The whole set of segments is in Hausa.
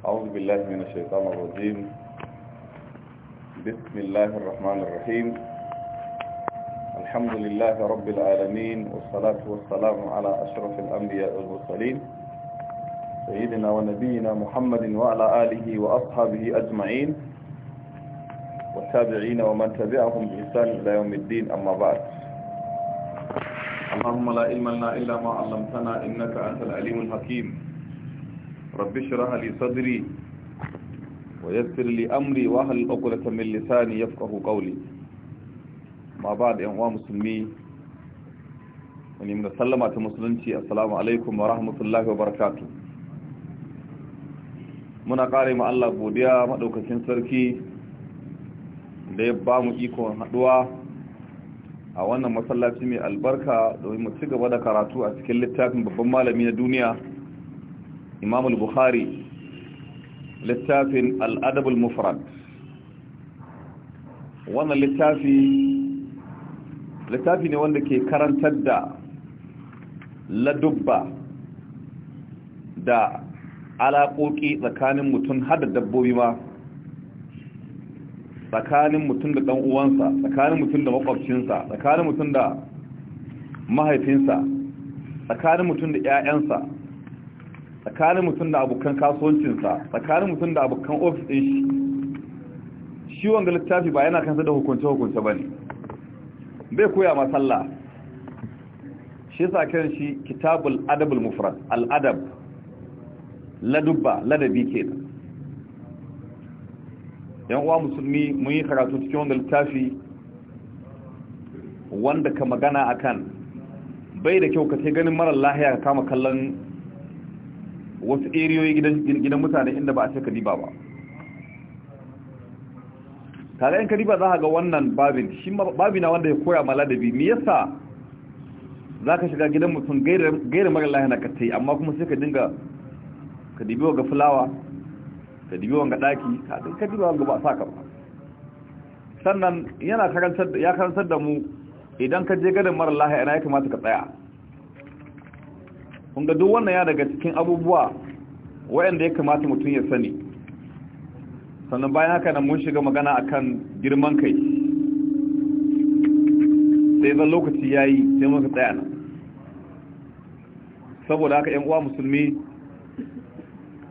أعوذ بالله من الشيطان الرجيم بسم الله الرحمن الرحيم الحمد لله رب العالمين والصلاة والسلام على أشرف الأنبياء والمرسلين سيدنا ونبينا محمد وعلى آله وأصحابه أجمعين والتابعين ومن تبعهم بإحسان إلى يوم الدين أما بعد اللهم لا علم لنا إلا ما علمتنا إنك أنت العليم الحكيم رب اشرح لي صدري ويسر لي امري واحلل عقدة من لساني يفقهوا قولي ما بعد ان هو مسلمي wani mun sallama ta musulunci assalamu alaikum wa rahmatullahi wa barakatuh muna kare mu Allah godiya madaukakin sarki da ya ba mu ikon haduwa a wannan masallaci mai albarka domin mu ci gaba da karatu a cikin littafin babban malami na duniya imam al-bukhari littafin al-adab al-mufrad wannan littafi littafi ne wanda ke karantar da ladubba da alaƙoƙi tsakanin mutum hada dabbobi ma tsakanin mutum da ɗan'uwansa tsakanin mutum da makwabcinsa tsakanin mutum da mahaifinsa tsakanin mutum da ‘ya'yansa tsakanin mutum da abokan kasuwancinsa tsakanin mutum da abokan ofis ɗin shi shi wanga littafi ba yana kansa da hukunce-hukunce ba ne bai koya ma sallah shi sa kiran shi kitabul adabul mufrad al'adab ladubba ladabi da yan uwa musulmi mun yi karatu cikin wanga littafi wanda ka magana akan bai da kyau ka ce ganin marar lahiya ka kama kallon wasu eriyoyi gidan mutane inda ba a ce kadiba ba tare yan kadiba za a ga wannan babin shi babina wanda ya koya ma ladabi me yasa za ka shiga gidan mutum gairar mara lahina ka ta yi amma kuma sai ka dinga ka dibi wa ga fulawa ka dibi wa ga daki ka dibi wa ga ba sa ka ba sannan yana karantar ya karantar da mu idan ka je gadon mara lahina ya kamata ka tsaya kun duk wannan ya daga cikin abubuwa waɗanda ya kamata mutum ya sani sannan bayan haka nan mun shiga magana akan girman kai sai zan lokaci ya yi sai muka tsaya nan saboda haka ‘yan uwa musulmi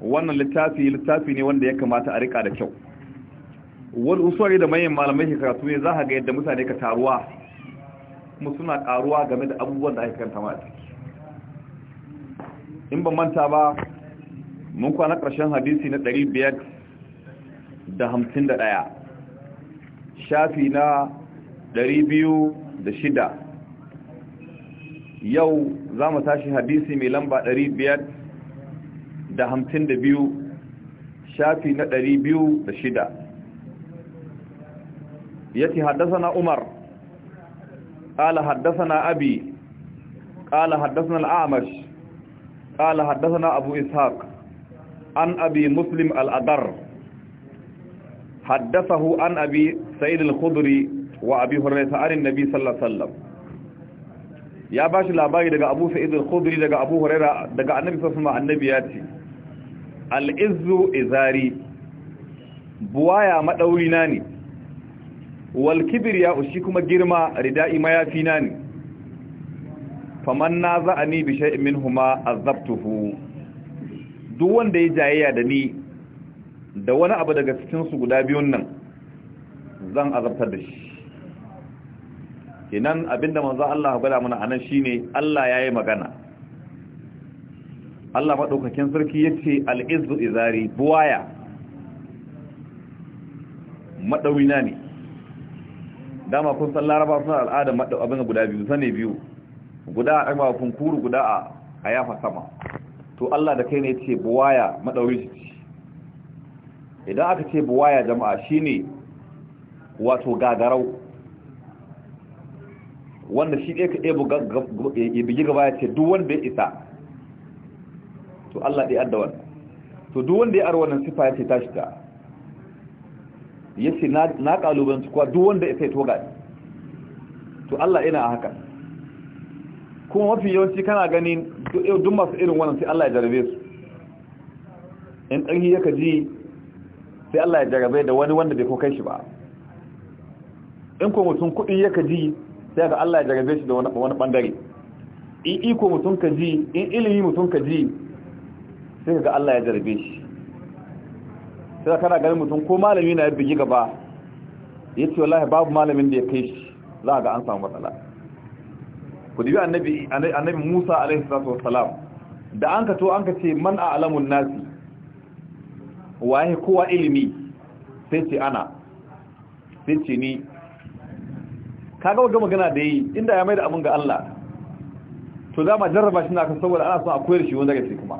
wannan littafi littafi ne wanda ya kamata a rika da kyau wani usuri da manyan malamai ke karatu ne za ga yadda mutane ka taruwa kuma suna karuwa game da abubuwan da aka kanta mata in ba manta ba mun kwana ƙarshen hadisi na ɗari biyar da hamsin da ɗaya shafi na ɗari biyu da shida yau za mu tashi hadisi mai lamba ɗari biyar da hamsin da biyu shafi na ɗari biyu da shida ya ce haddasa na umar ƙala haddasa na abi ƙala haddasa na al'amash قال حدثنا أبو إسحاق عن أبي مسلم الأدر حدثه عن أبي سيد الخضري وأبي هريرة عن النبي صلى الله عليه وسلم يا باشا labari daga Abu Sa'id al daga Abu Huraira daga Annabi sallallahu alaihi wasallam annabi ya izari buwaya madaurina ne wal kibriya ushi kuma girma ridai mayafi na ne faman na za a ni bi sha'in min huma zaftuhu duk wanda ya jayayya da ni da wani abu daga cikinsu guda biyun nan zan azabtar da shi kenan abinda manzo Allah ya gada mana anan shine Allah yayi magana Allah madaukakin sarki yace al-izzu izari buwaya madawina ne dama kun san laraba suna al'ada madau abin guda biyu sane biyu guda a ɗarwa kunkuru guda a yafa sama to Allah da kai ne ce buwaya maɗaurin idan aka ce buwaya jama'a shine wato gagarau wanda shi ɗaya ka ɗaya bugi gaba ya ce duk wanda ya isa to Allah ɗaya adda wannan to duk wanda ya arwa nan sifa ya ce ta shiga ya ce na ƙalubanci kuwa duk wanda ya sai gaɗi to Allah ina a hakan. kuma mafi yawanci kana ganin duk masu irin wannan sai Allah ya jarabe su in ɗanhi yaka ji sai Allah ya jarabe da wani wanda bai ko kai shi ba in ko mutum kuɗi yaka ji sai ga Allah ya jarabe shi da wani ɓangare in iko mutum ka ji in ilimi mutum ka ji sai ga Allah ya jarabe shi sai kana ganin mutum ko malami na ya bugi gaba ya ce wallahi babu malamin da ya kai shi za ga an samu matsala ku dibi annabi annabi Musa alaihi salatu wassalam da an ka to an ka ce man a'lamun nasi waye kowa ilimi sai ce ana sai ce ni kaga wanda magana da yi inda ya mai da abin ga Allah to za ma jarraba shi na kan saboda ana son a koyar shi wanda gaske kuma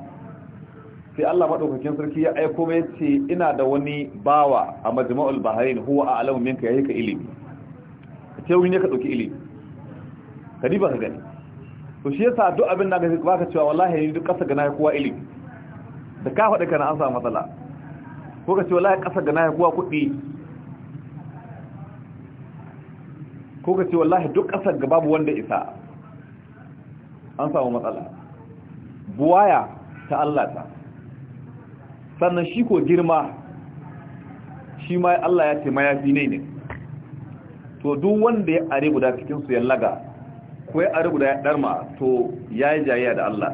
sai Allah madaukakin sarki ya aiko kuma ce ina da wani bawa a majma'ul bahrain huwa a'lamu minka yake ilimi ce wani ne ka dauki ilimi kadi ba ka gani to shi yasa duk abin da ka ka cewa wallahi ni duk kasa gana kowa ilimi da ka faɗi kana an samu matsala ko ka ce wallahi kasa gana kowa kuɗi ko ka ce wallahi duk kasa ga babu wanda isa an samu matsala buwaya ta Allah ta sannan shi ko girma shi ma Allah ya ce mayafi ne ne to duk wanda ya are guda cikin su ya laga ko ya ari guda ya darma to ya yi jayayya da Allah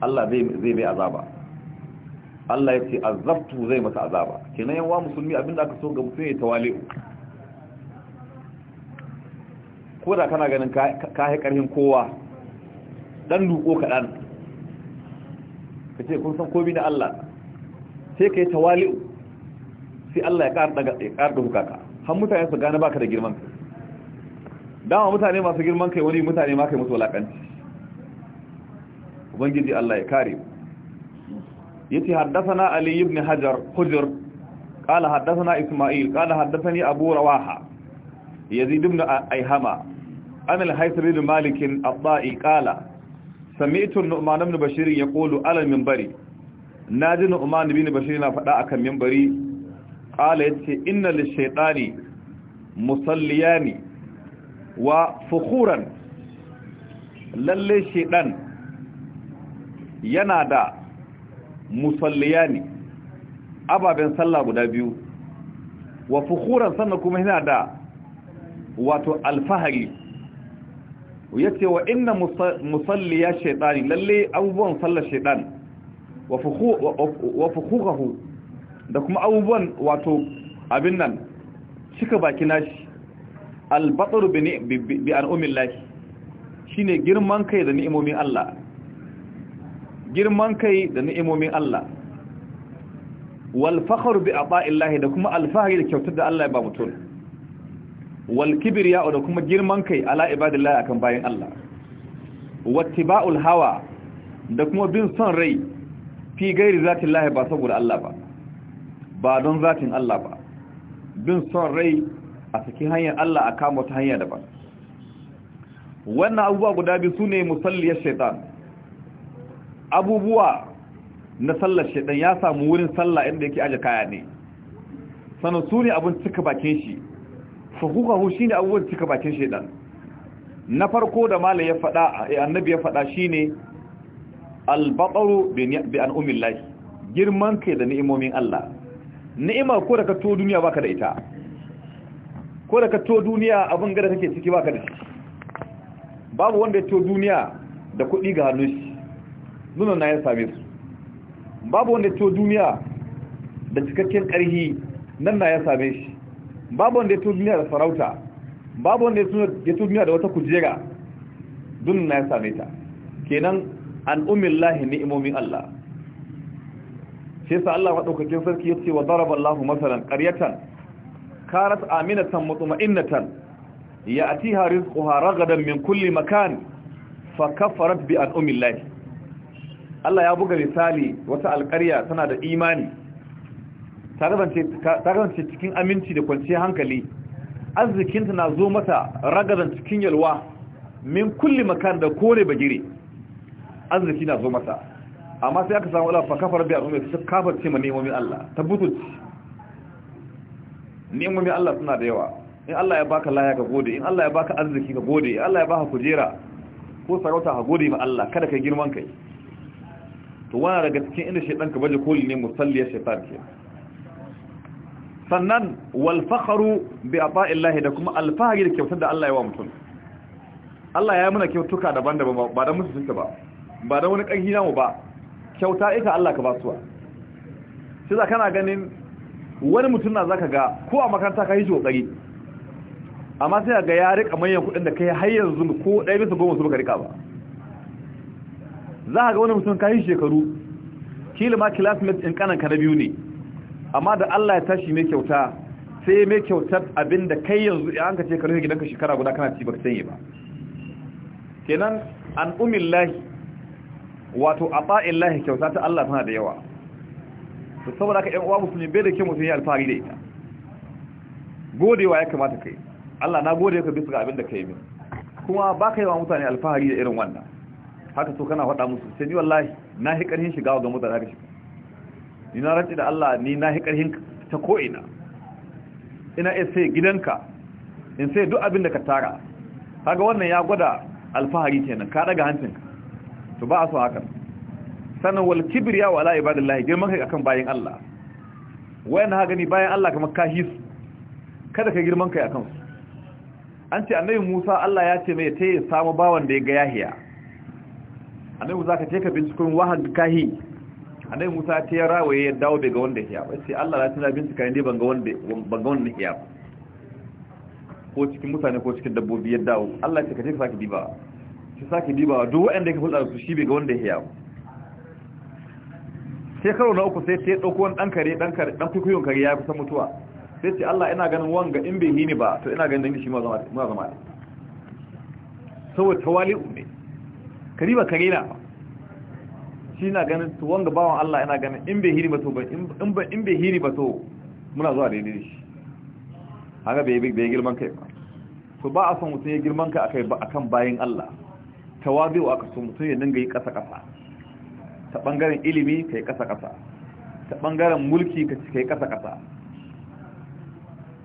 Allah zai mai azaba Allah ya ce azabtu zai masa azaba kenan yawa musulmi abinda aka so ga musulmi ya tawali'u ko da kana ganin ka yi karhin kowa dan duko kaɗan ka ce kun san komi na Allah sai ka yi tawali'u sai Allah ya ƙar da hukaka har mutane su gane baka da girman ka dama mutane masu girman kai wani mutane ma kai musu walakanci ubangiji Allah ya kare yace haddathana ali ibn hajar hujr qala haddathana isma'il qala haddathani abu rawaha yazid ibn ayhama an al-haythri ibn malik al-ta'i nu'man ibn bashir yaqulu ala al-minbari naji nu'man ibn bashir na faɗa akan minbari qala yace inna lish-shaytani musalliyani wa fukuran lalle shedan yana da musalliya musalliyani ababen sallah guda biyu wa fukuran sannan kuma yana da wato alfahari ya ce wa inna musalliya shaytani lalle abubuwan sallar shaytan wa fukuhu da kuma abubuwan wato abin nan cika baki nashi albatsar bi al'ummin lafi shi ne girman kai da ni'imomin Allah girman kai da ni'imomin Allah walfakar bi a lahi da kuma alfahari da kyautar da Allah ya ba mutum walkibir ya'o da kuma girman kai ala ibadillahi akan bayan Allah ba'ul hawa da kuma bin son rai fi gairi zatin lahi ba saboda Allah ba ba don zatin Allah ba bin son rai a cikin hanyar Allah a kama wata hanya daban wannan abubuwa guda biyu su ne musalliyar shaitan abubuwa na sallar shaitan ya samu wurin sallah inda yake aji kaya ne sannan su ne abin cika bakin shi fahukahu shi ne abubuwan cika bakin shaitan na farko da mala ya faɗa eh, annabi ya faɗa shi ne albaɓaru bi umin lahi girman kai da ni'imomin Allah ni'imar ko da ka to duniya baka da ita ko da ka to duniya abin gada kake ciki ba ka da shi babu wanda ya to duniya da kuɗi ga hannun shi nuna na ya same su babu wanda ya to duniya da cikakken ƙarfi nan na ya same shi babu wanda ya to duniya da sarauta babu wanda ya to duniya da wata kujera nuna na ya same ta kenan an umin lahi ni'imomin Allah sai sa Allah maɗaukakin sarki ya ce wa daraba Allah masalan ƙaryatan karat aminatan mutma'innatan ya'tiha rizquha ragadan min kulli makan fa kafarat bi an'amillahi Allah ya buga misali wata alƙarya tana da imani ta kasance cikin aminci da kwanciyar hankali arzikinta na zo mata ragadan cikin yalwa min kulli makan da kore bagire arziki na zo mata amma sai aka samu Allah fa kafar bi al'umma ta kafar ce ma nemomin Allah ta butuci ni'imomi Allah suna da yawa in Allah ya baka laya ka gode in Allah ya baka arziki ka gode in Allah ya baka kujera ko sarauta ka gode ma Allah kada kai girman kai to wani daga cikin inda shaytan ka baje koli ne ya shaytan ke sannan wal fakhru bi ata'illahi da kuma alfahari da kyautar da Allah ya wa mutum Allah ya yi muna kyautuka daban-daban ba da musu suke ba ba da wani kanki namu ba kyauta ita Allah ka basuwa shi za kana ganin wani mutum na zaka ga ko a makaranta ka yi shi amma sai ga ya rika manyan kuɗin da kai har yanzu ko ɗaya bisa goma su baka rika ba za a ga wani mutum ka yi shekaru kila ma classmate in kanan ka na biyu ne amma da Allah ya tashi mai kyauta sai mai kyautar abin da kai yanzu ya an ka ce ka gidanka shekara guda kana ci baka sanya ba kenan an umillahi wato a lahi kyauta ta Allah tana da yawa to saboda ka ɗan uwa musulmi bai da ke mutum ya alfahari da ita godewa ya kamata kai Allah na gode ka bisa ga abin da ka yi min kuma ba ka yi wa mutane alfahari da irin wannan haka so kana faɗa musu sai ni wallahi na hi ƙarfin shiga ga mutane haka shiga ni na rantsi da Allah ni na hi ƙarfin ta ko'ina ina iya sai gidanka in sai duk abin da ka tara kaga wannan ya gwada alfahari kenan ka daga hancinka to ba a so hakan sannan wal kibriya wa ala ibadillahi girman kai akan bayin Allah wayan ha gani bayan Allah kamar kahis su kada ka girman kai akan su an ce annabi Musa Allah ya ce mai ta yi samu bawan da ya ga Yahiya annabi Musa ka ce ka bincikun wahan kahi annabi Musa ta ya rawaye ya dawo daga wanda ya ba sai Allah ya tana bincika ne ban ga wanda ban ga wanda ya ko cikin mutane ko cikin dabbobi ya dawo Allah ya ce ka je ka saki diba ki saki diba duk waɗanda ka hulɗa su shi bai ga wanda ya ba sai karo na uku sai sai dauko wani dan kare dan kare dan kukuyon kare ya kusa mutuwa sai ce Allah ina ganin wanga in bai hini ba to ina ganin shi ma zama ma zama saboda tawali'u ne kariba kare na shi na ganin to wanga bawan Allah ina ganin in bai hini ba to in ba in bai hini ba to muna zuwa daidai shi haka bai bai girman kai ba to ba a son mutum ya girman kai akai ba akan bayin Allah wa aka so mutum ya dinga yi kasa kasa ta bangaren ilimi kai kasa kasa ta bangaren mulki kai kasa kasa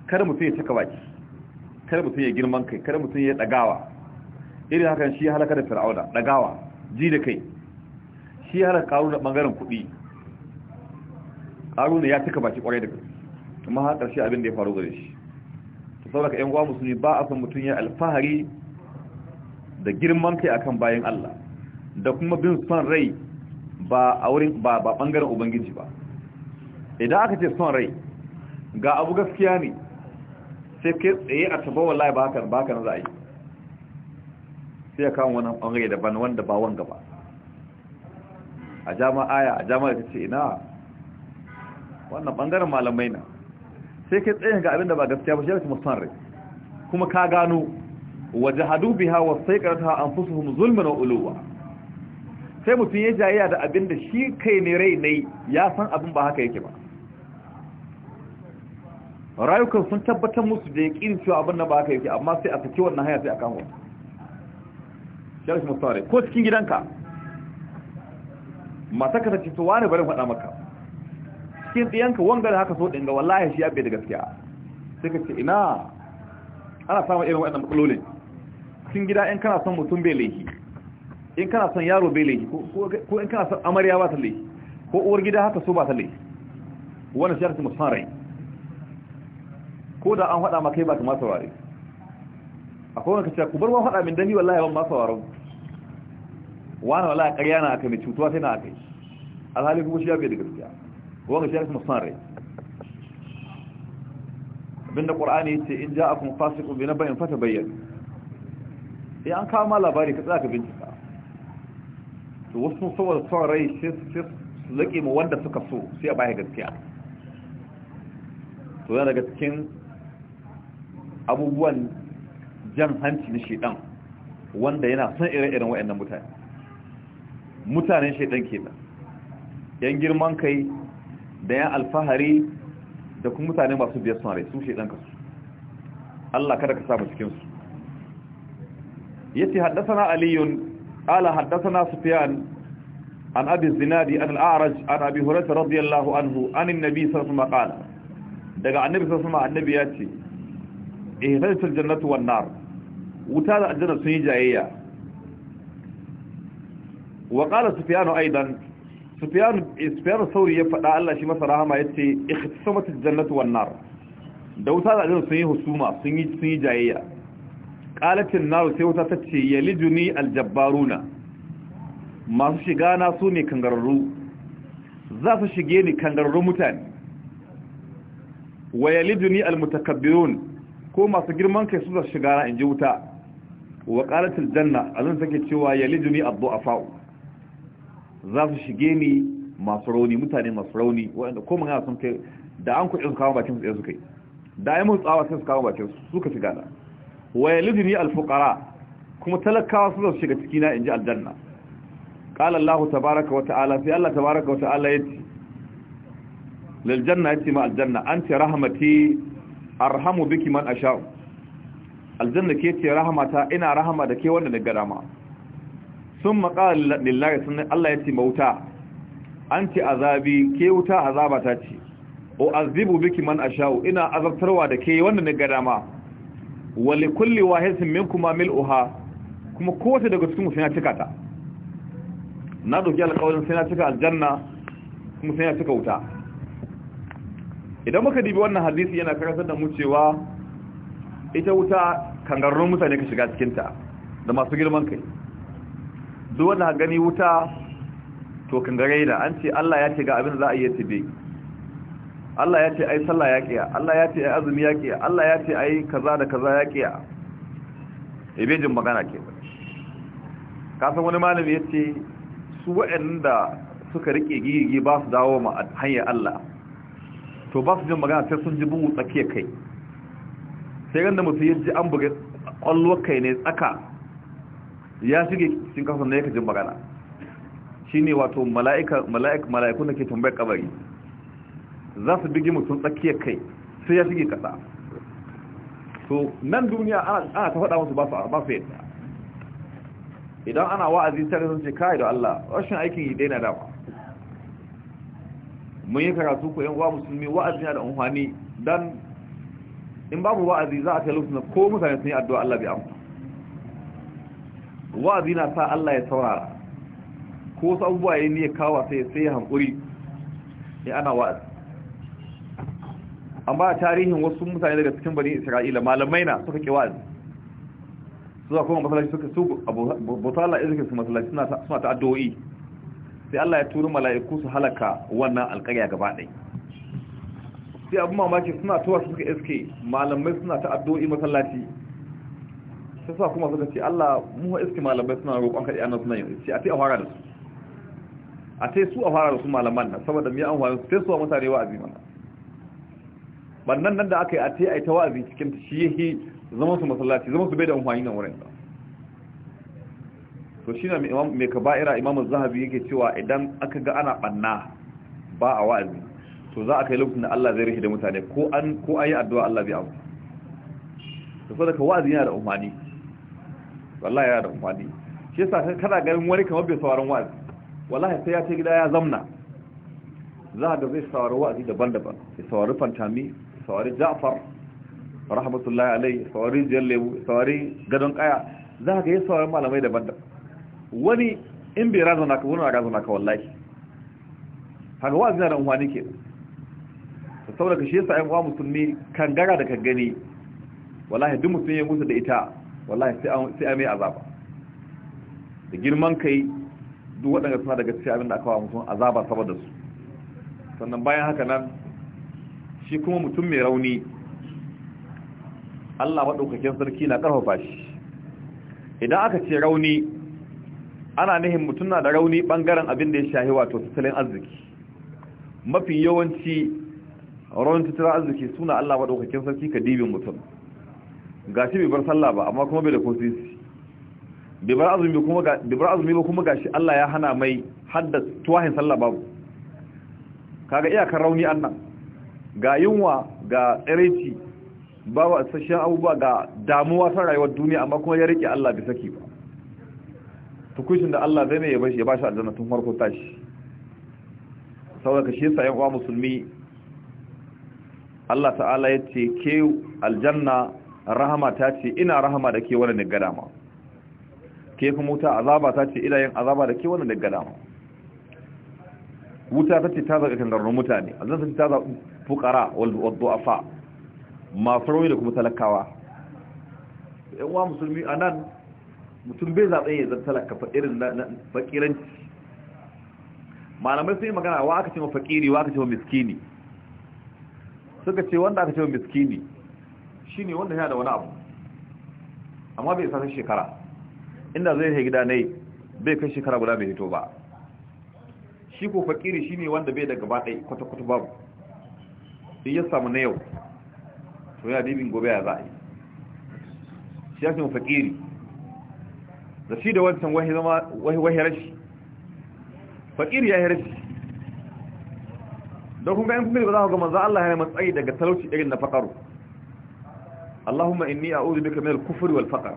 kar mutum ya taka baki kar mutum ya girman kai kar mutum ya dagawa irin hakan shi halaka da fir'auna dagawa ji da kai shi halaka karu da bangaren kuɗi karu ne ya taka baki kwarai da kai kuma har ƙarshe abin da ya faru gare shi to saboda ƴan uwa musulmi ba a san mutum ya alfahari da girman kai akan bayan Allah da kuma bin son rai ba a wurin ba ba bangaren ubangiji ba idan aka ce son rai ga abu gaskiya ne sai ke tsaye a taba wallahi ba haka ba haka na za a yi sai ya kawo wani bangare daban wanda ba wanga ba a jama aya a jama ta ce ina wannan bangaren malamai na sai ke tsaye ga abinda ba gaskiya ba shi ne son rai kuma ka gano wajahadu biha wa sayqarata anfusuhum zulman wa uluwa sai mutum ya jayayya da abin da shi kai ne rai ne ya san abin ba haka yake ba rayukan sun tabbatar musu da ya ƙin cewa abin nan ba haka yake amma sai a saki wannan haya sai a kan wani shari'a mustare ko cikin gidanka mata ka tace to wani bari faɗa maka cikin tsiyanka wanga da haka so ɗin ga wallahi shi bai da gaskiya sai ka ce ina ana samun irin waɗannan matsalolin cikin gida in kana son mutum bai laifi in kana son yaro bai laifi ko in kana son amarya ba ta laifi ko uwar gida haka so ba ta laifi wannan shi harsu musamman rai ko da an hada ma kai ba ta masu ware akwai wani kacce ku bar ma faɗa min dani wallahi ban masu ware wani wallahi karya na aka mai cutuwa sai na aka yi alhali kuma shi ya bai da gaskiya wani shi harsu musamman rai abinda ƙwar'ani ce in ja akun fasikun bi na bayan fata bayyana sai an kawo ma labari ka tsaka bincika to wasu saboda son rai sai su laƙe ma wanda suka so sai a baya gaskiya to yana daga cikin abubuwan jan hanci na shaidan wanda yana son ire-iren wa'annan mutane mutanen shaidan ke da yan girman kai da yan alfahari da kuma mutane masu biyar son rai su shaidan ka su Allah kada ka samu cikinsu ya ce haddasa na aliyun قال حدثنا سفيان عن أبي الزنادي عن الأعرج عن أبي هريرة رضي الله عنه عن النبي صلى الله عليه وسلم قال دقى النبي صلى الله عليه وسلم عن النبي ياتي اهتدت الجنة والنار وتالى الجنة سنجا إياه وقال سفيان أيضا سفيان سفيان الثوري يفدا الله shi masa rahama yace اختصمت الجنة والنار nar da wuta da aljanna sun yi qalatin naru sai wata ta ce yalijuni aljabbaruna masu shiga na su ne kangararru za su shige ni kangararru mutane wa yalijuni almutakabbirun ko masu girman kai su za su shiga na inji wuta wa qalatil janna azan take cewa yalijuni ad-du'afa za su shige ni masu rauni mutane masu rauni waɗanda ko magana sun kai da an kuɗi su kawo bakin su tsaye su kai da ai mun tsawa sai su kawo bakin su suka shiga na wa yalidni alfuqara kuma talakawa su zo shiga ciki na inji aljanna qala allah tabaaraka wa ta'ala sai allah tabaaraka wa ta'ala yati lil janna yati ma aljanna anti rahmati arhamu biki man asha aljanna ke ce rahmata ina rahama da ke wanda daga dama summa qala lillahi sunna allah yati mauta anti azabi ke wuta azabata ce o azibu biki man asha ina azabtarwa da ke wanda daga dama wali li kulli wahidin minkum mil'uha kuma kowace daga cikin sai cika ta na doki alƙawarin sai na cika aljanna kuma sai na cika wuta idan muka dibi wannan hadisi yana karantar da mu cewa ita wuta kangarrun mutane ka shiga cikin ta da masu girman kai duk wanda gani wuta to kangare da an ce Allah ya ce ga abin za a yi ya tibe Allah ya ce ai sallah ya kiya Allah ya ce ai azumi ya kiya Allah ya ce ai kaza da kaza ya kiya eh, ibejin magana ke ka san wani malami ya ce su waɗanda suka rike gigi ba su dawo ma hanyar Allah to ba su jin magana sai sun ji bugu tsakiyar kai sai ganda mutum ya ji an buga ƙwallon kai ne tsaka ya shige cikin kasan da ka jin magana shine wato mala'ika mala'ik mala'ikun da ke tambayar kabari za su bigi mutum tsakiyar kai sai ya shige kasa to nan duniya ana ta faɗa musu ba su yadda idan ana wa'azi sai sun ce kai da Allah rashin aikin yi daina dama mun yi karatu ko yan uwa musulmi wa'azi na da umfani dan in babu wa'azi za a kai na ko mutane sun yi addu'a Allah bai amsa wa'azi na sa Allah ya saurara ko wasu abubuwa ya ne kawa sai sai ya hankuri ya ana wa'azi amma a tarihin wasu mutane daga cikin bani isra'ila malamai na suka ki wa'azi suka kuma masallaci suka su bauta Allah izinin su masallaci suna ta sai Allah ya turi mala'iku su halaka wannan alƙarya gaba ɗai sai abin mamaki suna tuwa suka iske malamai suna ta addu'o'i masallaci sai sa kuma suka ce Allah mu iske malamai suna roƙon kaɗi annan suna yin ce a ce a fara da su a ce su a fara da su malaman nan saboda mai an fara sai su wa mutane wa'azi mana bannan nan da aka yi a ta yi ta wa'azi cikin ta shi yi zama su masallaci zama su bai da amfani na wurin to shi na mai ba'ira imamun zahabi yake cewa idan aka ga ana banna ba a wa'azi to za a kai lokacin da Allah zai rihe da mutane ko an ko ayi addu'a Allah bai amsa to saboda ka wa'azi yana da amfani wallahi yana da amfani shi yasa kada ganin wani kamar bai sauraron wa'azi wallahi sai ya ce gida ya zamna za ga zai saurari wa'azi daban-daban ya saurari fantami Sawari ja'far rahmatullahi alai saurari jallewu saurari gadon kaya za ka yi sawari malamai daban-daban wani in bai kawo na wani na kawo wallahi haka wa zina da umarni ke da saboda ka shi yasa yan uwa musulmi kan gara da kan gani wallahi duk mutum ya musu da ita wallahi sai a mai azaba da girman kai duk waɗanda suna daga cikin abin da aka wa musulmi azaba saboda su sannan bayan haka nan shi kuma mutum mai rauni Allah maɗaukakin sarki na ƙarfafa shi idan aka ce rauni ana nihin mutum na da rauni ɓangaren abin da ya shahi wato tattalin arziki mafi yawanci rauni tattalin arziki suna Allah maɗaukakin sarki ka dibin mutum ga shi bai bar sallah ba amma kuma bai da kosisi bai bar azumi ba kuma ga shi Allah ya hana mai haddasa tuwahin sallah babu kaga iyakar rauni annan ga yunwa ga tsiraici ba wa sashen abubuwa ga damuwa ta rayuwar duniya amma kuma ya rike Allah bi saki ba tukushin da Allah zai ne ya bashi ya bashi aljanna tun farko tashi saboda shi yasa yan uwa musulmi Allah ta'ala ya ce ke aljanna rahama ta ce ina rahama da ke wani daga dama ke kuma wuta azaba ta ce ina yin azaba da ke wani daga dama wuta ta ce ta zaga kangarrun mutane aljanna ta ce ta fuqara wal du'afa masu rauni da kuma talakawa yan wa musulmi a nan mutum bai zaɓe ya zan talaka irin na fakiranci malamai sun yi magana wa aka ce wa faƙiri, wa aka ce wa miskini suka ce wanda aka ce wa miskini ne wanda ya da wani abu amma bai isa shekara inda zai yi gida nai bai kai shekara guda mai hito ba shi ko fakiri ne wanda bai da gaba ɗai kwata-kwata babu in ya samu na yau to ya dibin gobe ya za a yi shi ya samu fakiri da shi da wancan wahi rashi Faƙiri ya yi rashi don kun ga'in kuma ba za ku gama za Allah ya matsayi daga talauci irin na faƙaru Allahumma inni a'udhu bika min al-kufri wal faqr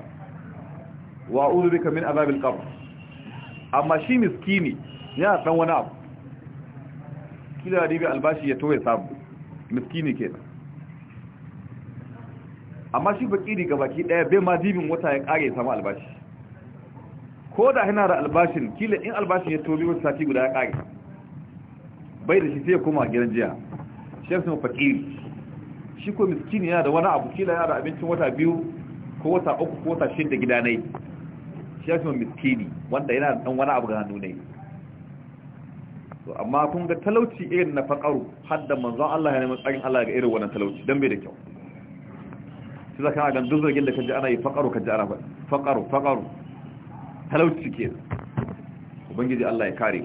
wa a'udhu bika min adhab al-qabr amma shi miskini ya dan wani abu kila dibi albashi ya ya samu miskini ke amma shi fakiri ga baki daya bai ma dibin wata ya kare ya samu albashi ko da yana da albashin kila in albashin ya tobi wata sati guda ya kare bai da shi sai ya koma gidan jiya shi yasa fakiri shi ko miskini yana da wani abu kila yana da abincin wata biyu ko wata uku ko wata shida gidanai shi yasa miskini wanda yana da dan wani abu ga hannu ne to amma kun ga talauci irin na faƙaru hadda manzo Allah ya nemi tsarin Allah ga irin wannan talauci dan bai da kyau shi zaka ga dan duzurgin da kaje ana yi faqaru kaje ana faɗi faqaru faqaru talauci ke ubangiji Allah ya kare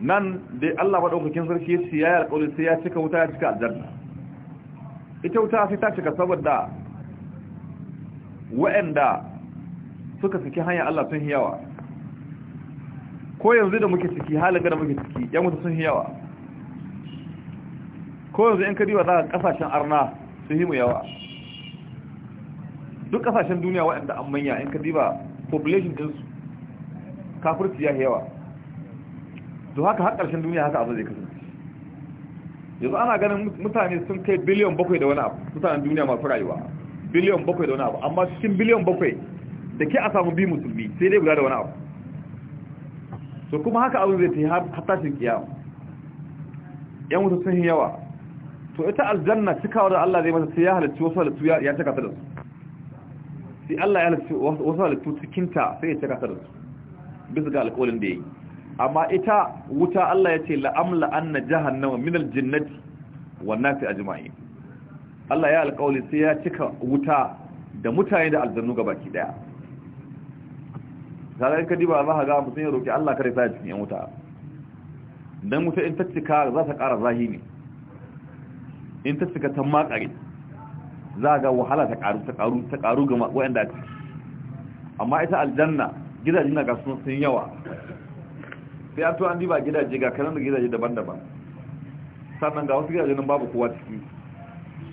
nan dai Allah madaukakin sarki ya ya yi alƙawari sai ya cika wuta ya cika aljanna ita wuta sai ta cika saboda wa'anda suka saki hanya Allah sun hiyawa ko yanzu da muke ciki halin da muke ciki yan mutu sun yawa ko yanzu yan kadiba za ka kasashen arna sun yi mu yawa duk kasashen duniya waɗanda an manya yan kadiba population ɗinsu kafirci ya yawa to haka har ƙarshen duniya haka abu zai kasance yanzu ana ganin mutane sun kai biliyan bakwai da wani abu mutanen duniya masu rayuwa biliyan bakwai da wani abu amma cikin biliyan bakwai da ke a samu bi musulmi sai dai guda da wani abu so kuma haka abin zai ta yi har tashin kiyama yan wuta sun yi yawa to ita aljanna cikawa da Allah zai masa sai ya halarci wasu halittu ya cika ta da su sai Allah ya halarci wasu halittu cikinta sai ya cika ta da su bisa ga alƙawalin da ya yi amma ita wuta Allah ya ce la'amla anna jahannama min aljinnati sai a jima'i. Allah ya alƙawali sai ya cika wuta da mutane da aljannu gabaki daya kaga in ka diba za ka ga mutum ya roƙi Allah kare sa cikin yan wuta dan mutum in ta cika za ta ƙara zahi ne in ta cika ta makare za ga wahala ta ƙaru ta ƙaru ta ƙaru ga waɗanda ake amma ita aljanna gidaje na ga sun yawa sai a tuwa an diba gidaje ga kanan da gidaje daban-daban sannan ga wasu gidaje nan babu kowa ciki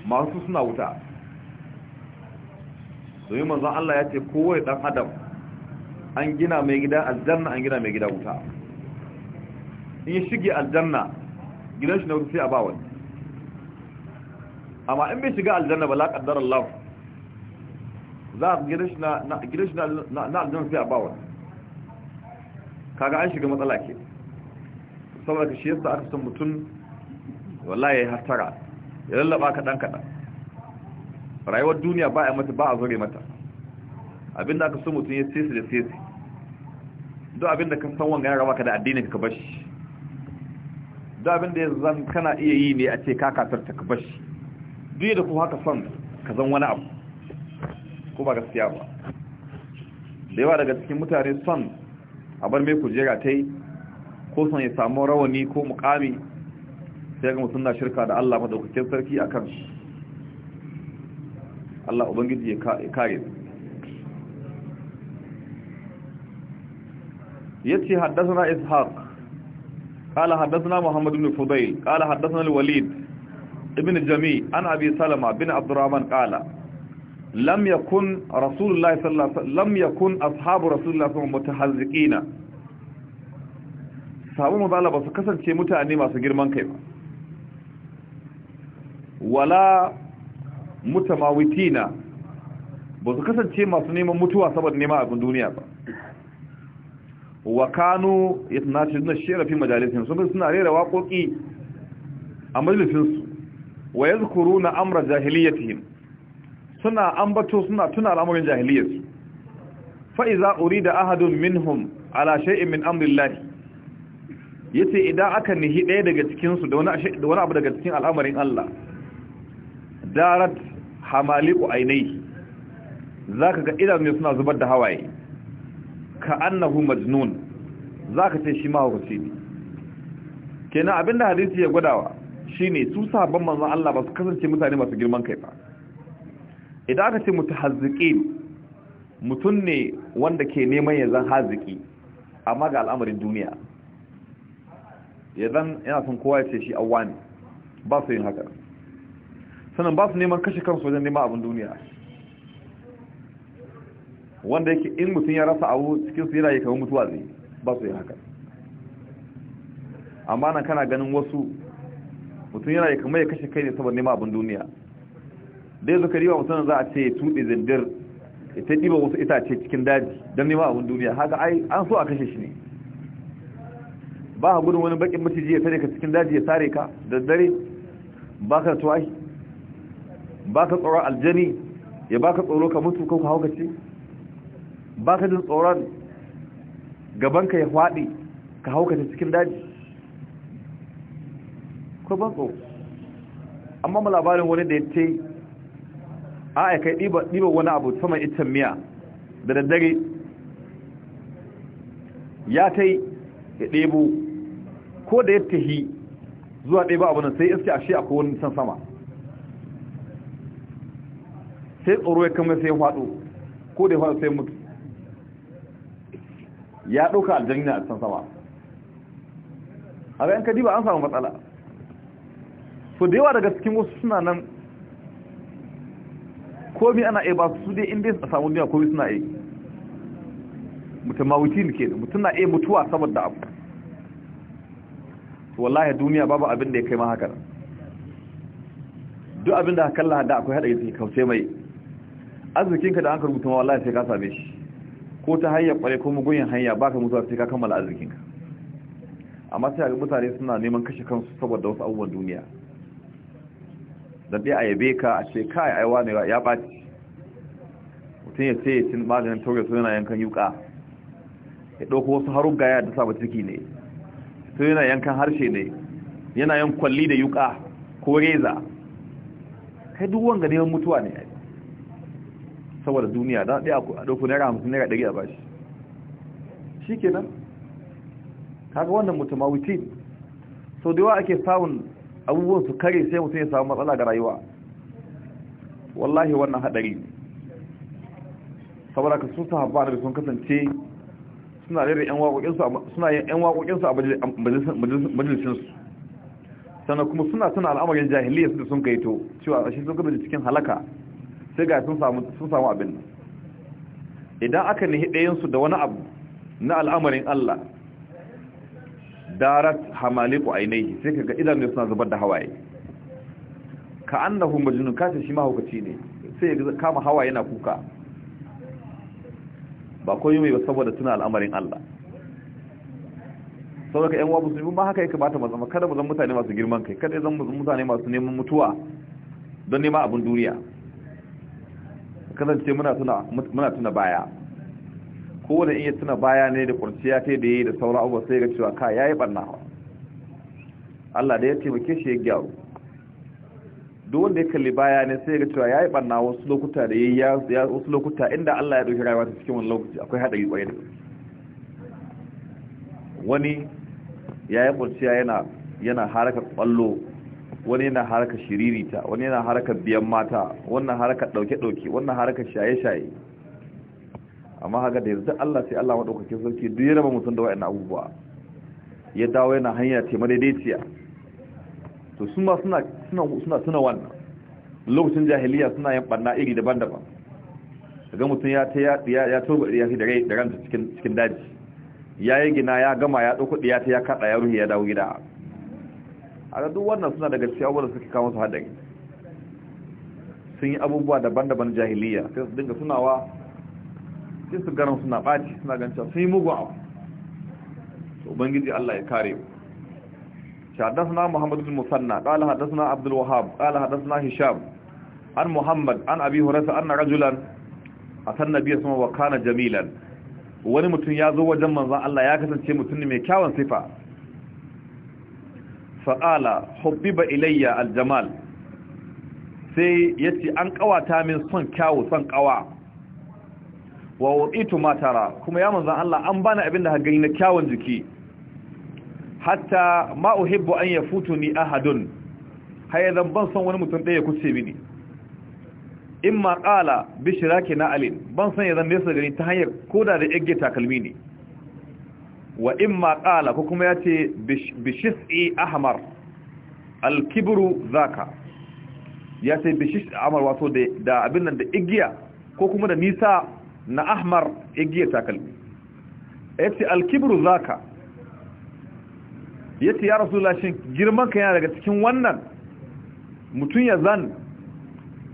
masu suna wuta domin manzon Allah ya ce kowa dan adam an gina mai gida aljanna an gina mai gida wuta in yi shige aljanna gidan shi na wuta sai a ba wani amma in bai shiga aljanna ba laƙaddar Allah za a gidan shi na aljanna sai a ba wani kaga an shiga matsala ke saboda shi yasa aka san mutum wala ya hattara ya lallaba kaɗan kaɗan rayuwar duniya ba a mata ba a zore mata abinda aka so mutum ya sesi da sesi duk abin da ka san wanga ya raba ka da addinin ka shi duk abin da yanzu zan kana iya yi ne a ce ka kasarta ka shi duk da ku haka son ka zan wani abu ko ba gaskiya ba da yawa daga cikin mutane son a bar mai kujera ta yi ko san ya samu rawani ko mukami sai ga mutum na shirka da Allah madaukakin sarki a kan Allah Ubangiji ya kare su yace haddathana ishaq qala haddathana muhammad ibn fudayl qala haddathana al-walid ibn jami' an abi salama bin abdurrahman qala lam yakun rasulullah sallallahu alaihi wasallam lam yakun ashabu rasulullah sallallahu alaihi wasallam sahabu mazala ba su kasance mutane masu girman kai ba wala mutamawitina ba su kasance masu neman mutuwa saboda neman abin duniya ba wa kanu yatanashiduna shira fi majalisihim sun suna rera waƙoƙi a majalisinsu wa na amra jahiliyatihim suna ambato suna tuna al'amarin jahiliyarsu Fa'iza, uri da ahadun minhum ala sha'i min amri ya ce idan aka nihi ɗaya daga cikinsu da wani abu daga cikin al'amarin Allah darat ainihi Za ka ga idan ne suna zubar da hawaye ka annahu majnun zaka ce shi mahaukaci ne kenan abinda hadisi ya gwadawa shine su sabon manzon Allah ba su kasance mutane masu girman kai ba idan aka ce mutahazziqin mutun ne wanda ke neman ya zan haziki amma ga al'amarin duniya yadan yana son kowa ya ce shi awwani ba su yin haka sannan ba su neman kashe kansu wajen neman abin duniya wanda yake in mutum ya rasa abu cikin su yana yi kamar mutuwa zai ba su yi haka amma nan kana ganin wasu mutum yana yi kamar ya kashe kai ne saboda nema abin duniya dai zuka riba mutum za a ce ya tuɗe zindir ya ta ɗiba wasu itace cikin daji don nema abin duniya haka ai an so a kashe shi ne ba ka gudun wani bakin maciji ya tare ka cikin daji ya sare ka da dare ba ka tuwashi ba ka tsoron aljani ya ba ka tsoro ka mutu ko ka haukace ba ka jin tsoron gabanka ya faɗi ka hauka ta cikin daji ko ba tsoro amma mu labarin wani da ya ce a aika ɗiba wani abu saman iccen miya da daddare ya kai ya ɗebo ko da ya tahi zuwa ɗeba abu sai iske shi a kowane can sama sai tsoro ya kama sai ya faɗo ko da ya faɗo sai mutu ya ɗauka aljanna a can sama a ga ka diba an samu matsala so da yawa daga cikin wasu suna nan komi ana iya ba su dai inda a samu duniya komi suna iya mutum mawuti ne ke mutum na iya mutuwa saboda abu wallahi duniya babu abin da ya kai ma haka duk abin da kalla da akwai haɗa yake kauce mai arzikinka da an karbuta rubuta ma wallahi sai ka same shi ko ta hanyar kware ko mugun hanya baka mutuwa sai ka kammala ka. amma sai ga mutane suna neman kashe kansu saboda wasu abubuwan duniya zaɓe a yabe ka a ce kai ai ne ya baci mutum ya ce ya maganin tauye su yana yankan yuka ya ɗauko wasu harun gaya da saba ciki ne su yana yankan harshe ne yana yan kwalli da yuka ko reza kai duk wanga neman mutuwa ne saboda duniya da ɗaya a ɗauku naira hamsin naira ɗari a bashi shi nan kaga wannan mutumawitin sau da yawa ake samun abubuwan su kare sai mutum ya samu matsala ga rayuwa wallahi wannan haɗari saboda ka sun sahabba da sun kasance suna rere yan waƙoƙinsu a majalisinsu sannan kuma suna tana al'amarin jahiliya su da sun kaito cewa a shi sun kasance cikin halaka sai ga sun samu abin nan idan aka nihi ɗayansu da wani abu na al'amarin Allah darat hamaliku ainihi sai kaga idanu suna zubar da hawaye ka annahu majnun kace shi mahaukaci ne sai ya kama hawaye na kuka ba koyi mai saboda tuna al'amarin Allah saboda yan wa musulmi ba haka ya kamata mu kada mu zan mutane masu girman kai kada zan mutane masu neman mutuwa don neman abin duniya kasance muna tuna baya kowane iya tuna baya ne da kurciya ta da yi da sauran abubuwa sai ga cewa ka yi barna Allah da ya taimake shi ya gyaru duk wanda ya kalli baya ne sai ga cewa ya yi barna wasu lokuta da yayi ya wasu lokuta inda Allah ya ɗauki rayuwa ta cikin wani lokaci akwai hadari kwaye da wani yi kurciya yana yana haraka ƙwallo wani yana harkar shiririta wani yana harkar biyan mata wannan harkar dauke-dauke wannan harkar shaye-shaye amma haka da yanzu Allah sai Allah madaukakin sarki duk ya raba mutum da wayannan abubuwa ya dawo yana hanya ce madaidaiciya to su ma suna suna suna suna wannan lokacin jahiliya suna yin banna iri daban-daban daga mutum ya ta ya ya toba ya fi da ranta cikin cikin daji ya yi gina ya gama ya dauko diya ta ya kada ya ruhi ya dawo gida a duk wannan suna daga cikin abubuwan suke kawo su haɗari sun yi abubuwa daban-daban jahiliya sai su dinga sunawa sai su garan suna ɓaci suna ganci sun yi mugu abu to ubangiji Allah ya kare mu حدثنا Muhammadu bin المثنى قال حدثنا عبد الوهاب قال حدثنا هشام عن An عن ابي هريره ان rajulan اتى النبي na الله sama وسلم وكان wani mutum ya zo wajen manzon Allah ya kasance mutum ne mai kyawun sifa fa'ala hubbiba ilayya aljamal sai ya ce an kawata min son kyawu son kawa wa wuditu matara kuma ya manzan Allah an bani abin da gani na kyawun jiki hatta ma ya an ni ahadun haye zan ban son wani mutum ɗaya kuce mini In maƙala bishira ke na alin ban son ya zan nesa gani ta hanyar koda da yagge takalmi ne wa ma qala ko kuma yace bi shif'i ahmar al-kibru zaka yace bi shif'i ahmar wato da da abin nan da igiya ko kuma da nisa na ahmar igiya kalbi yace al-kibru zaka yace ya rasulullah shin girman ka yana daga cikin wannan mutun ya zan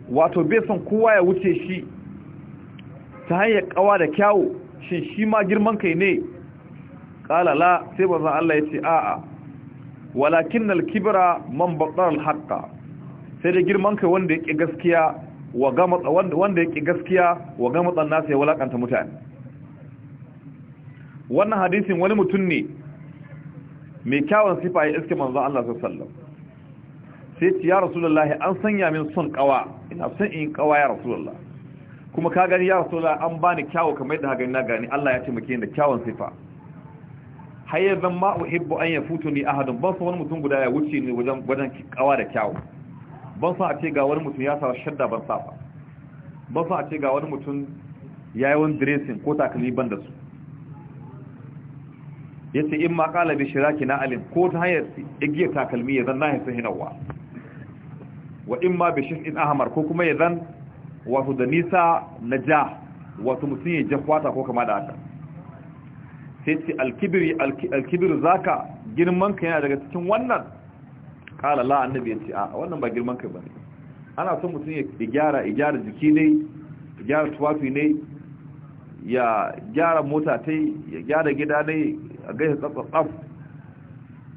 wato bai son kowa ya wuce shi ta hanyar kawa da kyawu shin shi ma girman kai ne kala la sai zan Allah ya ce a'a walakin al-kibra man baqar al-haqqa sai da girman kai wanda yake gaskiya wa gama wanda yake gaskiya wa gama tsanna sai walakanta mutane wannan hadisin wani mutum ne mai kyawun sifa ya iske manzo Allah sallallahu alaihi wasallam sai ya rasulullahi an sanya min son kawa ina son in kawa ya rasulullah kuma ka gani ya rasulullah an bani kyawu kamar yadda ka gani na gani Allah ya taimake ni da kyawun sifa har yanzu ma uhibbu an yafutu ni hadin ban san wani mutum guda ya wuce ni wajen kawa da kyawu ban san a ce ga wani mutum ya sa shadda ban safa ban san a ce ga wani mutum ya yi wani diresin ko takalmi ban da su ya ce in ma bai shira ki na alim ko ta hanyar igiyar takalmi ya zan na hisin hinawa wa in ma bai shirin ahamar ko kuma ya zan wato da nisa na ja wato mutum ya jafwata kwata ko kama da haka sai ce alkibiri alkibir zaka girman ka yana daga cikin wannan kala la annabi ya ce a wannan ba girman kai ne. ana son mutum ya gyara gyara jiki ne ya gyara tuwafi ne ya gyara mota ta ya gyara gida ne a gaisa tsaf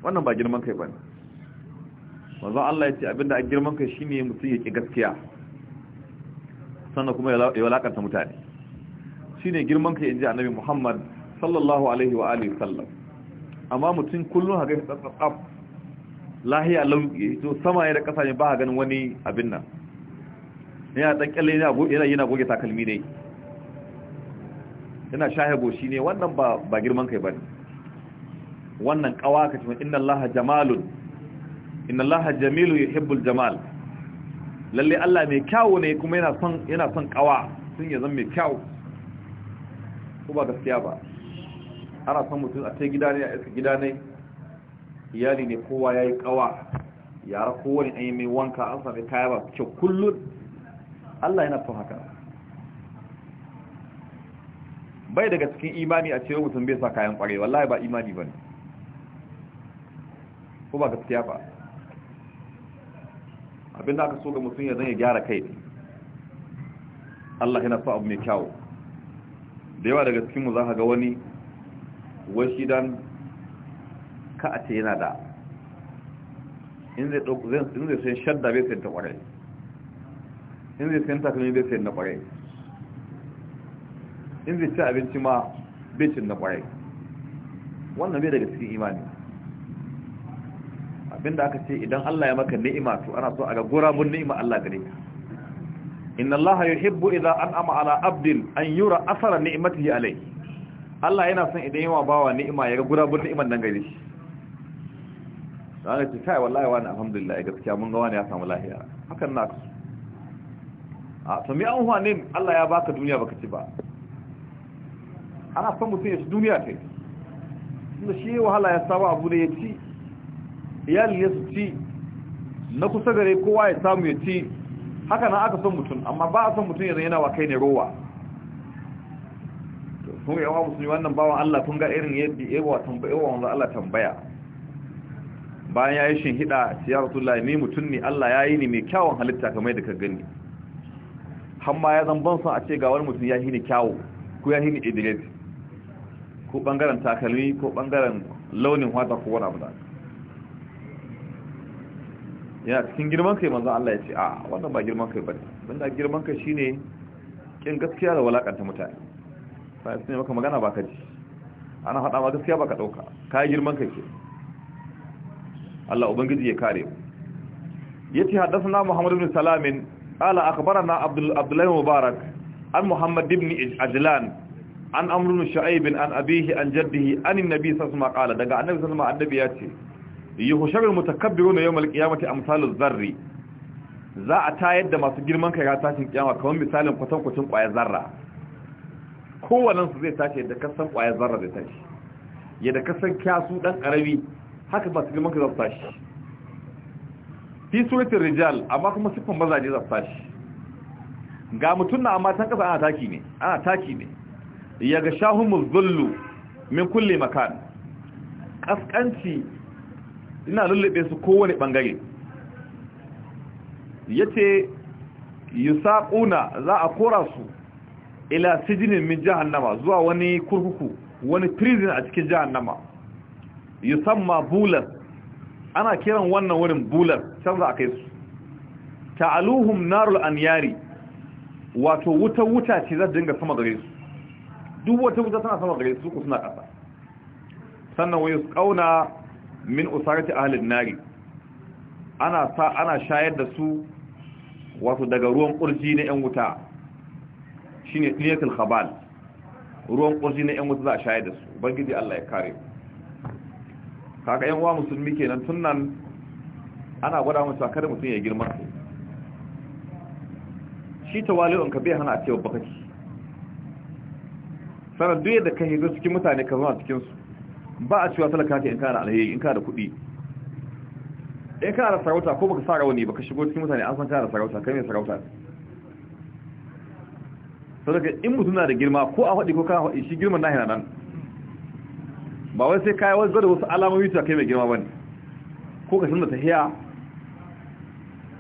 wannan ba girman kai ne. wanzu Allah ya ce abinda a girman kai shine mutum ya ƙi gaskiya sannan kuma ya walakanta mutane shine girman kai inji annabi Muhammad sallallahu alaihi wa alihi sallam amma mutum kullum haka shi tsatsaf lahiya lauke to sama ya da kasa ne ba ganin wani abin nan yana dan kyalle yana yana goge takalmi ne yana shahe goshi ne wannan ba ba girman kai bane wannan kawa ka ce inna allaha jamalun inna allaha jamilu yuhibbul jamal lalle Allah mai kyau ne kuma yana son yana son kawa sun ya zama mai kyau. ko ba gaskiya ba ana son mutum a ta gida ne a iska gida ne iyali ne kowa ya yi kawa yara kowane an yi mai wanka an sami kaya ba kyau kullum allah yana son haka bai daga cikin imani a cewa mutum bai sa kayan kware wallahi ba imani ba ne ko ba gaskiya ba abinda aka so ga mutum ya zan ya gyara kai Allah yana son abu mai kyau. da yawa daga cikinmu za ka ga wani washi don ka a ce yana da in zai sayan shadda bai sayan ta kwarai in zai sayan takalmi bai sayan na kwarai in zai ci abinci ma bai cin na kwarai wannan bai daga cikin imani abinda aka ce idan Allah ya maka ni'ima to ana so a ga gurabun ni'ima Allah gare ka inna Allah yuhibbu idza an'ama ala abdin an yura asara ni'matihi alayhi Allah yana son idan yawa bawa ni'ima ya ga gurabun ni'iman nan gare shi ranar ce wa wallahi wani alhamdulillah gaskiya mun ga wani ya samu lahiya hakan na su a to mi an ne Allah ya baka duniya baka ci ba ana son mutum ya ci duniya ta yi tunda shi wahala ya samu abu da ya ci iyali ya su ci na kusa gare kowa ya samu ya ci haka na aka son mutum amma ba a son mutum ya zai yana wa kai ne rowa kuma yawa musulmi wannan bawan Allah kun ga irin yadda yawa tambaya wanda Allah tambaya bayan yi shin hida siyaratullahi ni mutum ne Allah ya yi ni mai kyawun halitta kamar yadda ka gani hamma ya zan ban son a ce ga wani mutum ya yi ni kyawu ko ya yi ni idilet ko bangaren takalmi ko bangaren launin wata ko wani abu da ya cikin girman kai manzo Allah ya ce a wannan ba girman kai bane banda girman kai shine kin gaskiya da walakanta mutane sai sun maka magana ba ka ji ana faɗa ma gaskiya ba ka ɗauka yi girman kai ke Allah ubangiji ya kare ya ce haddasa Muhammad ibn Salamin ala akhbarana Abdullahi Mubarak an Muhammad ibn Ajlan an amrun ibn Shu'aib an abihi an jaddihi an annabi sallallahu alaihi wasallam qala daga annabi sallallahu alaihi wasallam annabi ya ce yuhsharul mutakabbiruna yawmal qiyamati amsalu zarri za a tayar da masu girman kai ga tashin kiyama kamar misalin kwatankwacin kwaya zarra kowannen su zai tashi yadda kasan kwaya zarra zai tashi yadda kasan kyasu dan ƙarami. haka ba su girman ka zafi tashi fi suratul rijal amma kuma sifan mazaje za zafi tashi ga mutum na amma tan kasa ana taki ne ana taki ne ya ga shahun muzullu min kulle makan kaskanci ina lullube su kowane bangare yace yusaquna za a kora su ila sijinin min jahannama zuwa wani kurkuku wani prison a cikin jahannama yusamma bulas ana kiran wannan wurin bulas can za a kai su ta'aluhum narul anyari wato wuta wuta ce za dinga sama gare su duk wata wuta tana sama gare su ku suna kasa sannan wa kauna min usarati ahli nari ana ana shayar da su wato daga ruwan kurji na yan wuta shine tiliyatul khabal ruwan kosi na yan wasu za a shaye da su ubangiji Allah ya kare Kaka yan uwa musulmi kenan tun nan ana gwada mu cewa kada mutum ya girma su shi ta tawali'un ka bai hana a cewa baka ci sanar duk yadda ka hizo cikin mutane ka zama cikin su ba a cewa talaka ka in kana alheri in kana da kuɗi in kana da sarauta ko baka sa rawani baka shigo cikin mutane an san kana da sarauta kai ne sarauta ne saboda in mutum na da girma ko a faɗi ko ka faɗi shi girman nahi na nan ba wai sai kayi wanzar da wasu alamomi ta kai mai girma bane ko ka sunna tahiya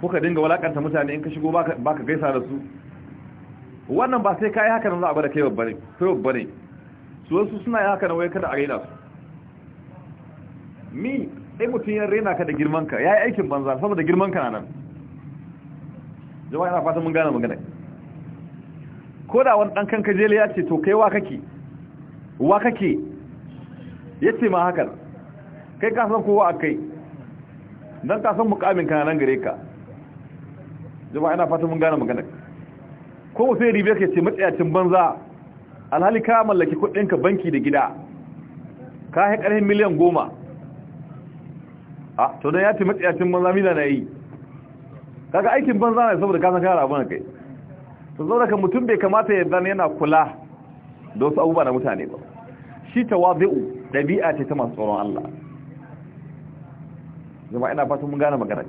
ko ka dinga walakanta mutane in ka shigo baka ka gaisa da su wannan ba sai kayi haka nan za a bada kai babba ne su wasu suna yi haka nan wai kada a raina su mi ɗai mutum ya rena ka da girman ka yi aikin banza saboda girman ka nan jama'a ina fatan mun gane magana ko da wani ɗan kanka jele ya ce to kai wa kake wa kake ya ce ma hakan kai kasan kowa a kai don kasan mukamin kana nan gare ka jama'a ina fata mun gane magana ko mu sai ribe ka ce matsayacin banza alhali ka mallaki kuɗinka banki da gida ka yi ƙarfin miliyan goma a to don ya ce matsayacin banza mila na yi kaga aikin banza ne saboda kasan kara na kai to zo daga mutum bai kamata ya zane yana kula da wasu abubuwa na mutane ba shi wazi'u ɗabi'a ce ta masu tsoron Allah zama ina fatan mun gane magana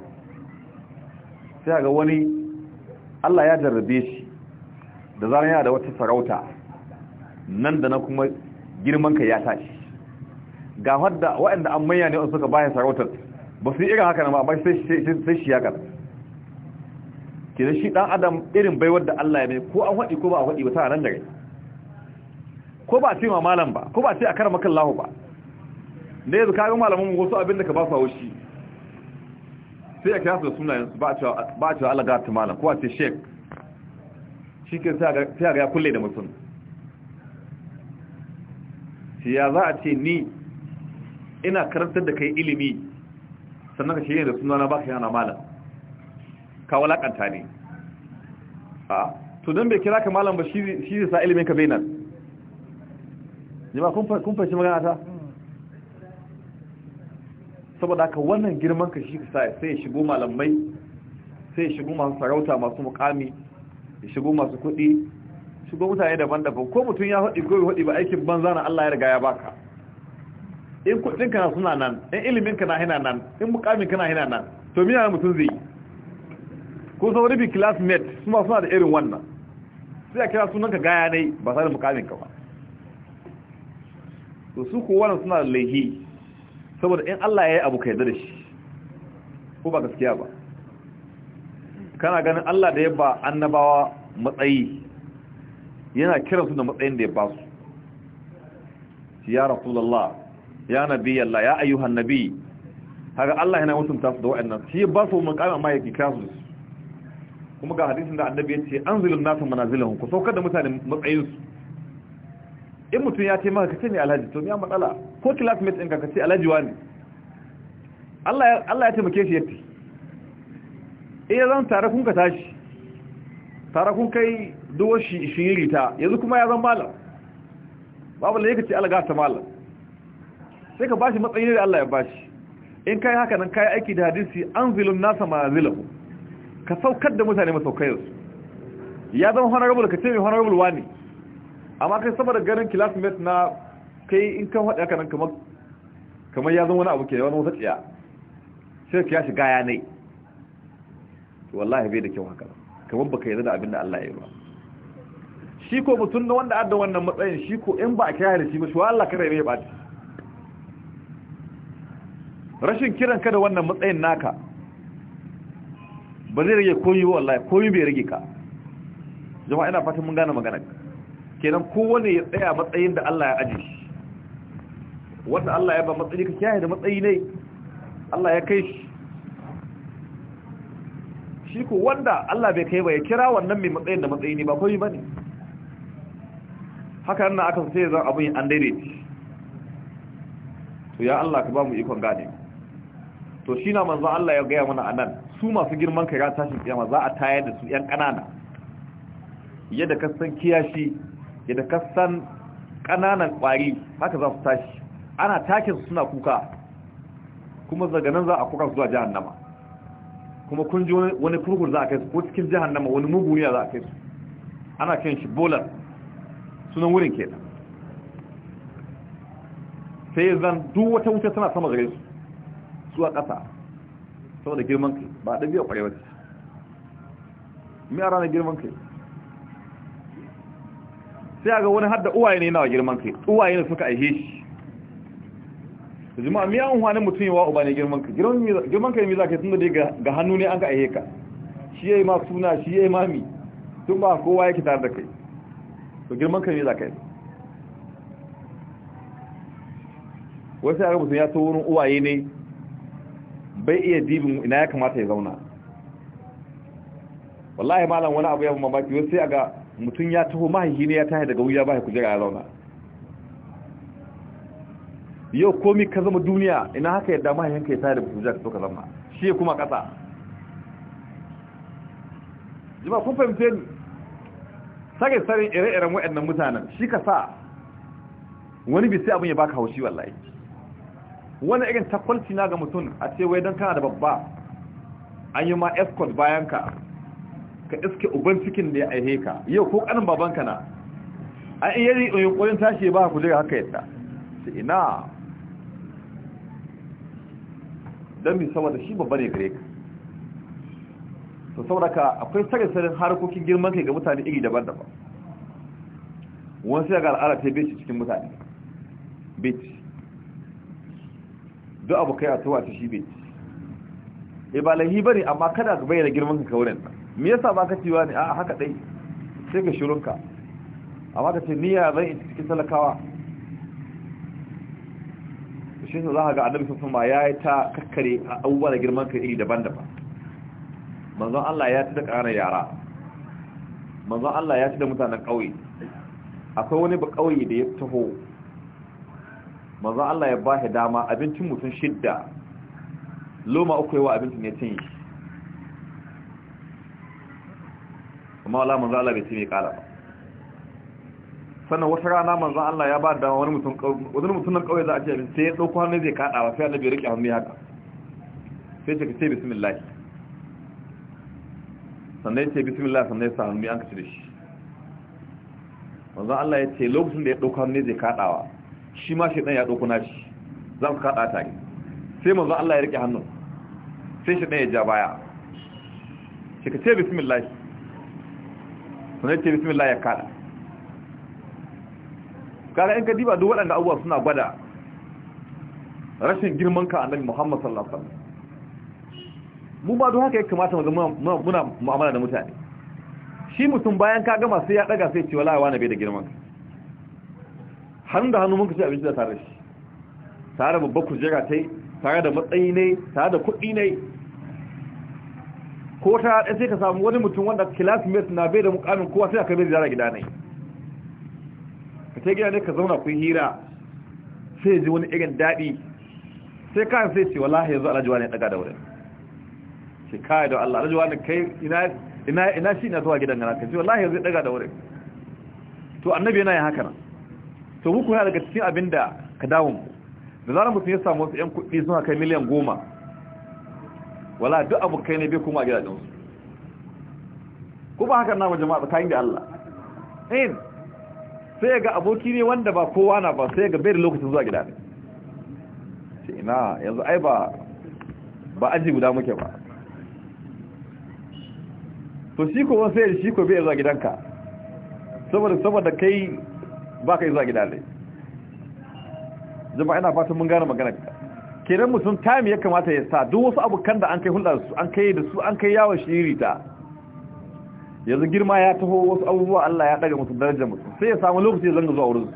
sai ga wani Allah ya jarrabe shi da zane yana da wata sarauta nan da na kuma girman ka ya tashi ga wadda waɗanda an manya ne suka bayan sarautar ba su yi irin haka na ba sai shi ya kada kenan shi dan adam irin baiwar da Allah ya mai ko an haɗi ko ba a haɗi ba ta nan da rai ko ba sai ma malam ba ko ba sai a karama kan lahu ba ne yanzu kaga malaman wasu abin da ka ba su shi sai ka kira su da sunayen su ba a cewa Allah ta malam ko a ce shek shi ke sai ga ya kulle da mutum shi ya za a ce ni ina karantar da kai ilimi sannan ka ne da sunana ba ka yana malam ka walakanta ne a to don bai kira ka malam ba shi zai sa ilimin ka bai nan jima kun fashi magana ta saboda haka wannan girman ka shi sai ya shigo malamai sai ya shigo masu sarauta masu mukami ya shigo masu kuɗi shigo mutane daban-daban ko mutum ya haɗi ko haɗi ba aikin banza na Allah ya riga ya baka in kuɗinka na suna nan in iliminka na hina nan in mukamin ka na hina nan to miya mutum zai yi ko sun rubi classmate su suna da irin wannan sai a kira sunanka gaya ne ba sa da mukamin ka ba to su ko wannan suna da laihi saboda in Allah ya yi abu ka da shi ko ba gaskiya ba kana ganin Allah da ya ba annabawa matsayi yana kiransu da matsayin da ya ba su ya rasulullah ya nabi Allah ya ayyuhan nabi haka Allah yana mutunta su da wa'annan shi ba su mun kama ma ya kira su kuma ga hadisin da annabi ya ce an zulun nasu manazilahun ku saukar da mutane matsayinsu in mutum ya ce maka ka ce ne alhaji to ya matsala ko classmate ɗinka ka ce alhaji wa ne Allah ya taimake shi yadda in ya zan tare kun ka tashi tare kun kai duwar shiriri ta yanzu kuma ya zan malam babu da ya ce alaga ta malam sai ka bashi matsayin da Allah ya bashi in kai haka nan kai aiki da hadisi an zulun nasa manazilahun ka saukar da mutane su ya zama honorable ka ce mai honorable ne amma kai saboda ganin classmate na kai in kan haɗe haka nan kamar ya zama wani abu ke wani wata tsiya sai ka ya shiga ya nai wallahi bai da kyau haka kamar ka yi da abin da Allah ya yi ba shi ko mutum na wanda adda wannan matsayin shi ko in ba a kira da shi ba shi Allah ya bai ba rashin kiran ka da wannan matsayin naka ba zai rage koyi wallahi koyi bai rage ka jama'a ina fatan mun gane magana kenan kowane ya tsaya matsayin da Allah ya aje shi wanda Allah ya ba matsayi ka kiyaye da matsayi ne Allah ya kai shi shi ko wanda Allah bai kai ba ya kira wannan mai matsayin da matsayi ne ba koyi bane haka nan aka sai zan abin an daidaita to ya Allah ka ba mu ikon gane to shi na manzo Allah ya gaya mana anan su masu girman kai ran tashin kiyama za a tayar da su yan kanana yadda ka san kiyashi yadda ka san kananan kwari haka za su tashi ana take su suna kuka kuma daga nan za a kuka zuwa jahannama kuma kun ji wani kurkur za a kai su ko cikin jahannama wani muguniya za a kai su ana kan shi bolar sunan wurin kenan sai zan duk wata wuta tana sama gare su zuwa ƙasa saboda girman kai ba a a ƙwarewa ce mai a ranar girman kai sai a ga wani hadda uwaye ne nawa girman kai uwaye ne suka aihe shi da jima mai an hannun mutum yawa uba ne girman kai girman kai mai za ka yi tun da ga hannu ne an ka aihe ka shi ya yi ma suna shi ya yi mami tun ba kowa yake tare da kai to girman kai ne za ka yi wasu ya ga mutum ya to wurin uwaye ne bai iya dibin ina ya kamata ya zauna wallahi malam wani abu ya mamaki wasu sai ga mutum ya taho mahaihi ne ya tahi daga wuya bai kujera ya zauna yau komi ka zama duniya ina haka yadda mahaihinka ya tahi daga kujera ka so ka zama shi kuma kasa jima kun fahimce ni sake sarin ire-iren waɗannan mutanen shi ka sa wani bisai abin ya baka haushi wallahi wani irin takwalci na ga mutum a ce wai don kana da babba an yi ma escort bayan ka ka iske uban cikin da ya aihe ka yau ko kanin babanka na a iya yunkurin tashi ba ku jira haka yadda su ina don mi saboda shi babba ne gare ka su saboda ka akwai tsarin sarin harkokin girman kai ga mutane iri daban-daban wani sai ga al'ada ta beci cikin mutane beci duk abu kai a tuwa ta shi bai e ba lahi bane amma kada ka bayyana girman ka kauren me yasa ba ka ciwa ne a haka dai sai ka shirunka amma ka ce niyya zan yi cikin talakawa shi ne za ka ga annabi sun ma ya yi ta kakkare a abubuwa da girman ka iri daban-daban manzon Allah ya ci da ƙarar yara manzon Allah ya ci da mutanen ƙauye akwai wani ba ƙauye da ya taho manzo Allah ya bashi dama abincin mutum shidda loma uku yawa abincin ya cinye kuma Allah manzo Allah bai ci mai kala ba sannan wata rana manzo Allah ya ba da dama wani mutum wani mutum nan kawai za a ce abin sai ya dauko hannu zai kada ba sai Allah bai rike hannu ya haka sai ce ce bismillah sannan ya ce bismillah sannan ya sa hannu an kace da shi manzo Allah ya ce lokacin da ya dauko hannu zai kadawa shi ma ɗan ya ɗauko nashi za su kaɗa tare sai zan Allah ya riƙe hannun sai shi ɗan ya ja baya shi ka ce bismillah sannan ce bismillah ya kaɗa Ƙara in ka diba duk waɗanda abubuwa suna gwada rashin girman ka annabi Muhammad sallallahu alaihi wasallam mu ba don haka ya kamata muna mu'amala da mutane shi mutum bayan ka gama sai ya daga sai ce wallahi wani bai da girman ka hannu da hannu muka ce abinci da tare shi tare babbar kujera ta yi tare da matsayi ne tare da kuɗi ne ko ta haɗe sai ka samu wani mutum wanda classmate na bai da mukamin kowa sai aka bai ziyara gida ne ka ce gida ne ka zauna ku hira sai ji wani irin daɗi sai kayan sai ce wallahi yanzu alajuwa ne ɗaga da wurin ce kayan da Allah alajuwa ne kai ina shi na zuwa gidan gana ka ce wallahi yanzu ɗaga da wurin to annabi yana yin haka nan to muku yana daga cikin abin da ka dawo mu. da zarar mutum ya samu wasu 'yan kuɗi suna kai miliyan goma wala duk kai ne bai kuma a gidajensu ko ba haka na wa jama'a tsakanin da Allah in sai ga aboki ne wanda ba kowa na ba sai ga bai da lokacin zuwa gida ne sai ina yanzu ai ba ba aji guda muke ba to shi ko wani sai shi ko bai zuwa gidanka saboda saboda kai ba ka yi zuwa gida dai jama'a ina fatan mun gane magana kenan mutum time ya kamata ya sa duk wasu abokan da an kai hulɗa su an kai da su an kai yawon shiri ta yanzu girma ya taho wasu abubuwa Allah ya daga musu darajar mutum sai ya samu lokaci zanga zuwa wurin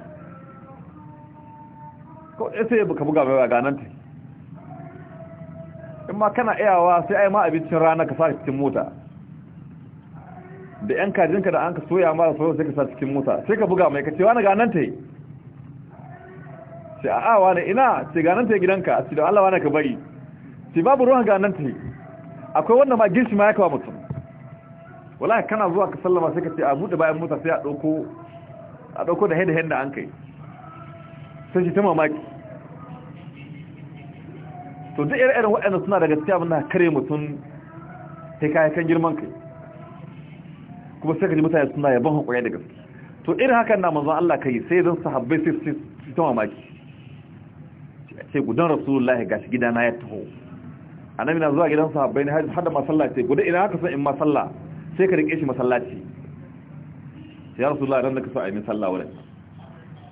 ko sai ya buka buga mai ganan ta in ma kana iyawa sai ai ma abincin rana ka sa cikin mota da yan kajinka da an ka soya mara soya sai ka sa cikin mota sai ka buga mai ka ce wani ganan ta yi ce a'a wani ina ce ganan ta yi gidanka a cikin allawa Allah wani ka bari ce babu ruwan ganin ta yi akwai wanda ma girshi ma ya kawo mutum wala kana zuwa ka sallama sai ka ce a buɗe bayan mota sai a ɗauko a ɗauko da an kai sai shi ta mamaki to duk irin waɗanda suna da abin da kare mutum sai kayakan girman kai kuma sai ka ji mutane suna yaban hakuri da gaske to irin hakan na manzon Allah kai sai zan sahabbai sai su ta mamaki sai gudan rasulullahi shi gidana ya taho annabi na zuwa gidan sahabbai ne har da masallaci gudan ina haka san in ma sallah sai ka rike shi masallaci ya rasulullahi dan da ka so a yi sallah wurin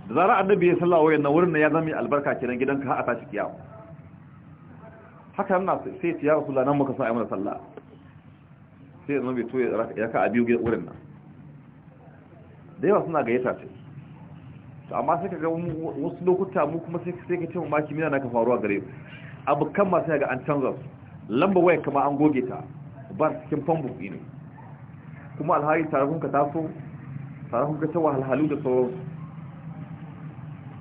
da zara annabi ya sallah wurin nan wurin ya zama albarka kenan gidanka har a tashi kiyawa haka nan sai ya rasulullahi nan muka so a yi mana sallah sai ya zama bai to ya ka a biyu wurin nan da yawa suna gayyata ce to amma sai ka ga wasu lokuta mu kuma sai ka ce mamaki mina na ka faruwa gare ku abu kan masu ga an canza su lamba waya kama an goge ta ba cikin fanbuk ne kuma alhari tare kun ka taso tare kun ka tawa halhalu da sauransu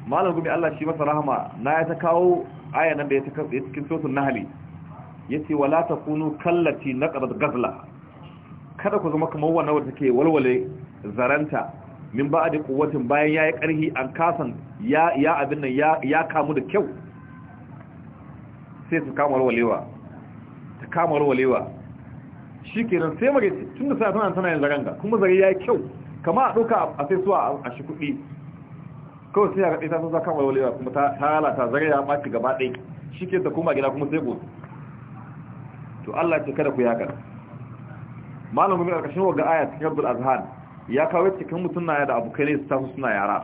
malam gumi Allah shi masa rahama na ya ta kawo aya nan da ya cikin sosun nahali ce wala ta takunu kallati naqadat gazla kada ku zama kamar wannan wanda take walwale zaranta min ba da kuwatin bayan ya yi an kasan ya abin nan ya kamu da kyau sai su kama walwalewa ta kama walwalewa Shikenan sai mage tun da sai tana tana yin zaranga kuma zari ya yi kyau kama a ɗauka a sai suwa a shi kuɗi kawai sai ya ga ita sun za kama walwalewa kuma ta halata zari ya baki gaba ɗaya shi ta koma gida kuma sai gobe to Allah ce kada ku yakar malam mai karkashin wa ga aya cikin abdul Azhar ya kawo cikin mutum na da abokai ne su suna yara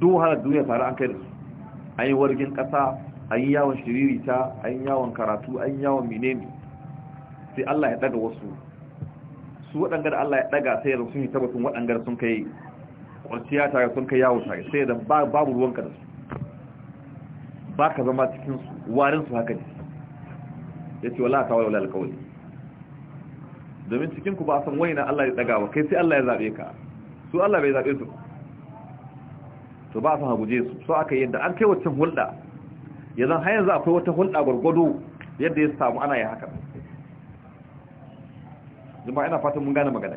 duk wahalar duniya tare an kai da su an yi wargin kasa an yi yawon shiririta an yi yawon karatu an yi yawon menene sai Allah ya daga wasu su waɗanga da Allah ya daga sai yanzu sun yi tabbatun waɗangar sun kai kwanciya tare sun kai yawon tare sai da babu ruwanka da su ba ka zama cikin warin su haka ne ya ce wala ta wala alkawali domin cikin ku ba san wani na Allah ya daga ba kai sai Allah ya zabe ka su Allah bai zabe su to ba san haguje su so aka yadda an kai waccan hulɗa yanzu har yanzu akwai wata hulɗa gurgudu yadda ya samu ana yi haka jama'a ina fatan mun gane magana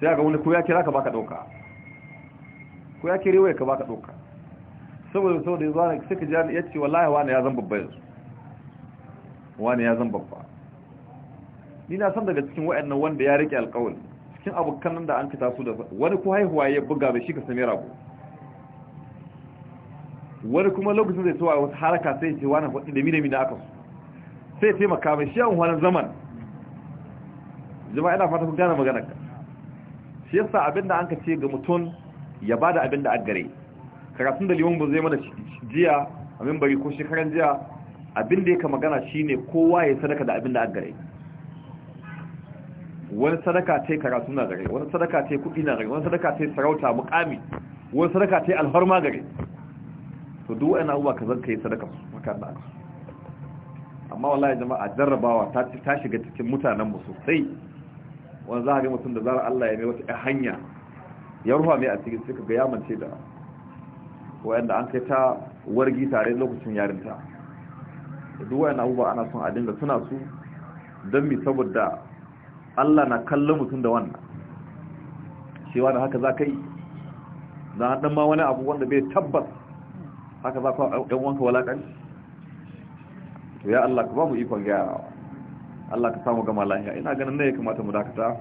sai ga wani ko ya kira ka baka dauka ko ya kire waya ka baka dauka saboda saboda yanzu sai ka ji ya ce wallahi wani ya zan babba yanzu wani ya zan babba ni na san daga cikin wa'annan wanda ya rike alƙawul cikin abokan nan da an fita su da wani ko haihuwa ya buga bai shi ka same rabo wani kuma lokacin zai tuwa wata haraka sai ce wani faɗi da minami da aka su sai ce makamai shi wani zaman jama'a ina fata kun gane maganar ka shi yasa da an ka ce ga mutum ya ba da abin da an gare karatun da liman ba zai mana jiya a mimbari ko shekaran jiya abinda ya ka magana shine kowa ya sadaka da abin da an gare wani sadaka ta karatu na gare wani sadaka ta kudi na gare wani sadaka ta sarauta mukami wani sadaka ta alfarma gare to duk wani abubuwa ka zanka yi sadaka su maka da aka amma wallahi jama'a jarrabawa ta ta shiga cikin mutanen mu sosai wani za a ga mutum da zara Allah ya mai wata hanya ya ruwa mai a cikin suka ga yamance da wayanda an kai ta wargi tare lokacin yarinta duk wayan abubuwa ana son a dinga suna su don mi saboda Allah na kallon mutum da wannan cewa da haka za ka yi za a ɗan ma wani abu wanda bai tabbas haka za ka ɗan wanka walaƙanci to ya Allah ka ba mu ikon gyarawa Allah ka samu gama lahiya ina ganin na ya kamata mu dakata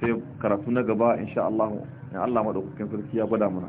sai karatu na gaba insha Allah in Allah madaukakin sarki ya gwada mana